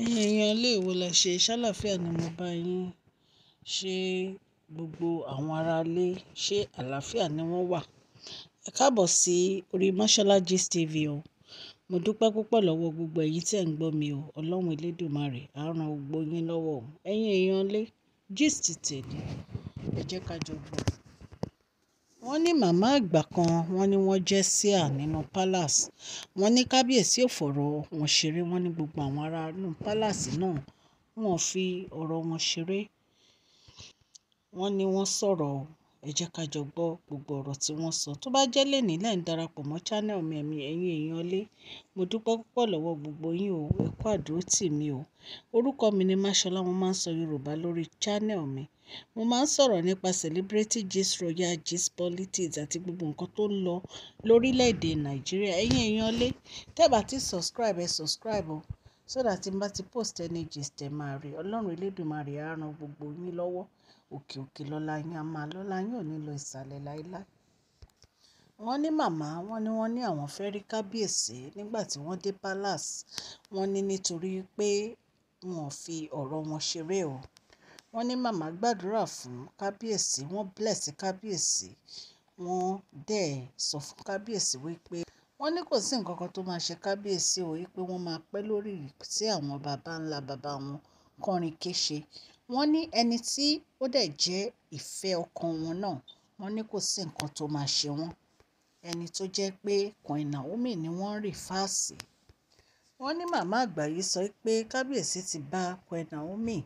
Ẹ̀yin èèyàn ilé wo lẹ ṣe? Ṣáláfíà ni mo bá yín. Ṣé gbogbo àwọn ará ilé, ṣe àlàáfíà ni wọ́n wà? Ẹ káàbọ̀ sí orí Mashola Gist TV o. Mo dúpẹ́ púpọ̀ lọ́wọ́ gbogbo ẹ̀yin tí ẹ̀ ń gbọ́ mi o. Ọlọ́run elédùmarè á ran gbogbo yín lọ́wọ́ o. Ẹ̀yin èèyàn ilé, gist tèmi, ẹ jẹ́ ká jọ gbọ́ wọ́n ní màmá àgbà kan wọ́n ní wọ́n jẹ́ síà nínú palace wọ́n ní kábíyèsí ò fọ̀rọ̀ wọn ṣeré wọ́n ní gbogbo àwọn ará inú palace náà wọn fi ọ̀rọ̀ wọn ṣeré wọ́n ní wọ́n sọ̀rọ̀ ẹ jẹ́ ká jọ gbọ́ gbogbo ọ̀rọ̀ tí wọ́n sọ tó bá jẹ́ lẹ́nìí lẹ́ ń darapọ̀ mọ́ channel mi ẹ̀mí ẹ̀yin èèyàn lé mo dúpẹ́ púpọ̀ lọ́wọ́ gbogbo yín o ẹ kú àdúrótì mi o orúkọ mi ni Máṣọlá mo máa ń sọ Yorùbá lórí channel mi mo máa ń sọ̀rọ̀ nípa celebrity gist royal gist politics àti gbogbo nǹkan tó ń lọ lórílẹ̀‐èdè Nàìjíríà ẹ̀yin èèyàn lé tẹ́ ti subscribe ẹ subscribe o so that tí n bá ti post any gist ẹ máa rí Ọlọ́run Elédùmarè á ran gbogbo yín lọ́wọ́ òkè òkè lọ́lá yín á máa lọ́lá yín ò ní lọ ìsàlẹ̀ láéláé wọ́n ní màmá wọ́n ní wọ́n ní àwọn fẹ́ rí kábíyèsí nígbà tí wọ́n dé palace wọ́n ní nítorí pé wọn ò fi ọ̀rọ̀ wọn ṣeré o wọ́n ní màmá gbàdúrà fún kábíyèsí wọ́n bless kábíyèsí wọ́n dẹ̀ sọ fún kábíyèsí wípé wọ́n ní kò sí nǹkan kan tó máa ṣe kábíyèsí o wípé wọ́n máa pẹ́ lórí tí àwọn baba ńlá baba wọn kọrin kéṣe wọ́n ní ẹni tí ó dẹ̀ jẹ́ ìfẹ́ ọkàn wọn náà wọ́n ní kò sí nǹkan tó máa ṣe wọ́n ẹni tó jẹ́ pé Queen Naomi ni wọ́n rì fáàsì wọ́n ní màmá àgbà yìí sọ pé kábíyèsí ti bá Queen Naomi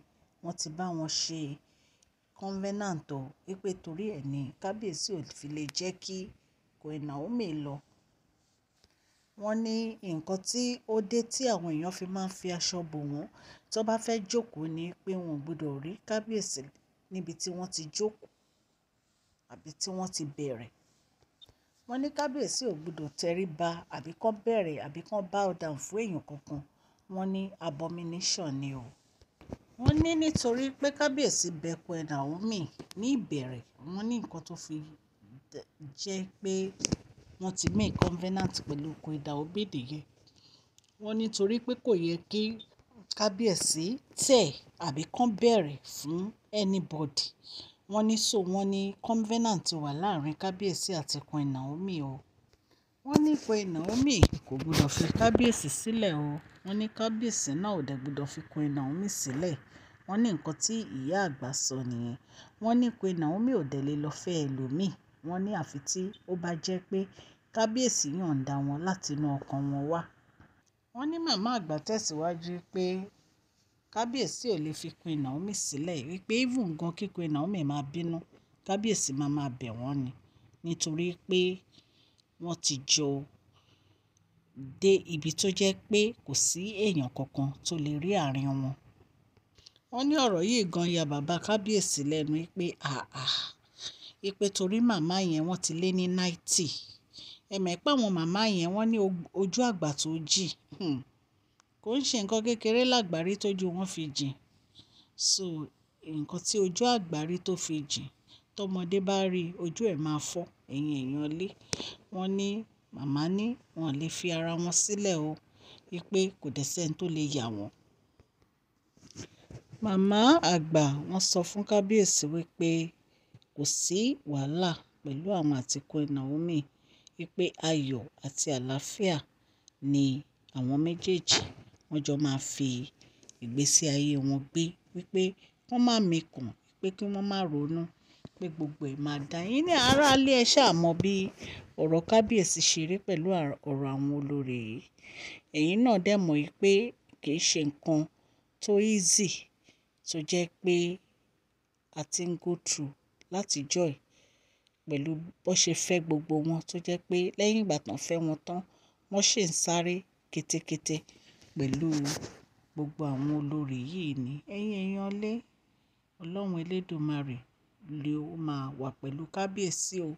wọ́n ti bá wọn ṣe covenant o wípé torí ẹ̀ ní kábíyèsí ò fi lè jẹ́ kí Queen Naomi lọ wọ́n ní nǹkan tí ó dé tí àwọn èèyàn fi máa ń fi aṣọ bò wọ́n tó bá fẹ́ jókòó ni pé wọn ò gbọdọ̀ rí kábíyèsí níbi tí wọ́n ti jókòó àbí tí wọ́n ti bẹ̀rẹ̀. wọ́n ní kábíyèsí ò gbọdọ̀ tẹríba àbí kán bẹ̀rẹ̀ àbí kán bow down fún èèyàn kankan wọ́n ní abomination ni o. wọ́n ní nítorí pé kábíyèsí bẹ̀pẹ̀ Naomi ní ìbẹ̀rẹ̀ wọ́n ní nǹkan tó fi jẹ́ pé wọ́n ti make covenant pẹ̀lú Queen Daobe yẹn. Wọ́n ní torí pé kò yẹ kí kábíyèsí tẹ̀ àbí kán bẹ̀rẹ̀ fún anybody. Wọ́n ní so wọ́n ní covenant wà láàrin kábíyèsí àti Queen Naomi o. Wọ́n ní Queen Naomi kò gbọdọ̀ fi kábíyèsí sílẹ̀ o. Wọ́n ní kábíyèsí náà ò dẹ̀ gbọdọ̀ fi Queen Naomi sílẹ̀. Wọ́n ní nǹkan tí ìyá àgbà sọ nìyẹn. Wọ́n ní Queen Naomi ò dẹ̀ lè lọ fẹ́ ẹlòmíì wọ́n ní àfi tí ó bá jẹ́ pé kábíyèsí yọ̀ǹda wọn láti inú ọkàn wọn wá. wọ́n ní màmá àgbà tẹ̀síwájú pé kábíyèsí ò lè fi Queen Naomi sílẹ̀ wípé even gan kí Queen Naomi máa bínú kábíyèsí máa máa bẹ̀ wọ́n ni nítorí pé wọ́n ti jọ dé ibi tó jẹ́ pé kò sí èèyàn kankan tó lè rí àárín wọn. wọ́n ní ọ̀rọ̀ yìí gan ya bàbá kábíyèsí lẹ́nu pé àà wípé torí màmá yẹn wọ́n ti lé ní náìtì. Ẹ mọ̀ pé àwọn màmá yẹn wọ́n ní ojú àgbà tó jìn. Hmm. Kò ń ṣe nǹkan kékeré làgbárí tó ju fi jìn. So, nǹkan tí ojú àgbárí tó fi jìn, tọmọdé bá rí ojú ẹ̀ máa fọ́, ẹ̀yin èèyàn lé. Wọ́n ní màmá ní wọ́n lè fi ara wọn sílẹ̀ o, wípé kò dẹ́ṣẹ́ tó lè yà wọ́n. Màmá àgbà wọ́n sọ fún kábíyèsí wípé kò sí wàhálà pẹ̀lú àwọn àtìkù Naomi wípé ayọ̀ àti àlàáfíà ni àwọn méjèèjì wọ́n jọ máa fi ìgbésí ayé wọn gbé wípé wọ́n má mikùn pé kí wọ́n má ronú pé gbogbo ẹ̀ máa dá yín ní aráalé ẹ ṣáà mọ bí ọ̀rọ̀ kábíyèsí ṣe rí pẹ̀lú ọ̀rọ̀ àwọn olórí yìí ẹ̀yin náà dẹ̀ mọ̀ yìí pé kì ṣe nǹkan tó easy tó jẹ́ pé a ti ń go through látijọ́ yìí pẹ̀lú bó ṣe fẹ́ gbogbo wọn tó jẹ́ pé lẹ́yìn ìgbà tán fẹ́ wọn tán wọ́n ṣì ń sáré ketekete pẹ̀lú gbogbo àwọn olórí yìí ni ẹ̀yin èèyàn lé ọlọ́run elédùnmarè lè ó máa wà pẹ̀lú kábíyèsí o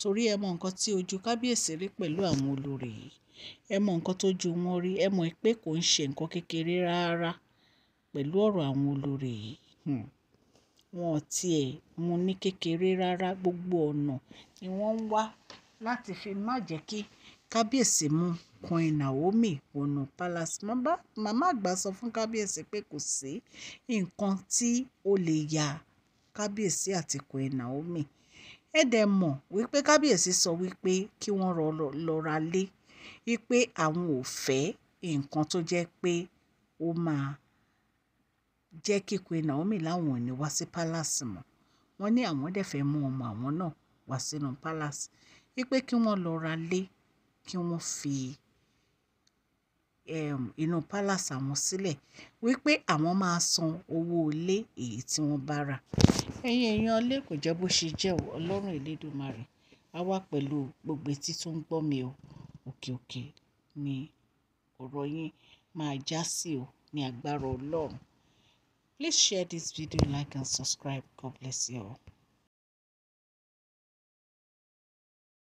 torí ẹ mọ nǹkan tí ojú kábíyèsí rí pẹ̀lú àwọn olórí yìí ẹ mọ nǹkan tójú wọn rí ẹ mọ pé kò ń ṣe nǹkan kékeré rárá pẹ̀lú ọ̀rọ̀ àwọn olórí yìí ò tiẹ̀ mu ní kékeré rárá. Gbogbo ọ̀nà ni wọ́n ń wá láti fi má jẹ́ kí kábíyèsí mú Queen Naomi wọnú palace. Màmá àgbà sọ fún kábíyèsí pé kò sí nǹkan tí ó lè ya kábíyèsí àti Queen Naomi. Ẹ dẹ̀ mọ̀ wípé kábíyèsí sọ wípé kí wọ́n lọ ralé, wípé àwọn ò fẹ́ nǹkan tó jẹ́ pé ó máa jẹ́ kíkọ́ Naomi láwọn ò ní wá sí palace mọ́ wọ́n ní àwọn dẹ̀ fẹ́ mú ọmọ àwọn náà wá sínú palace wípé kí wọ́n lọ ra lé kí wọ́n fi um, inú palace àwọn sílẹ̀ wípé àwọn máa san owó ilé èyí tí wọ́n bá rà. ẹ̀yin èèyàn ilé kò jẹ́ bó ṣe jẹ́ ọlọ́run Elédùmarè á wà pẹ̀lú gbogbo etí tó ń gbọ́ mi o òkè òkè ni ọ̀rọ̀ yín máa já sí o ní agbára ọlọ́run. please share this video like and subscribe god bless you all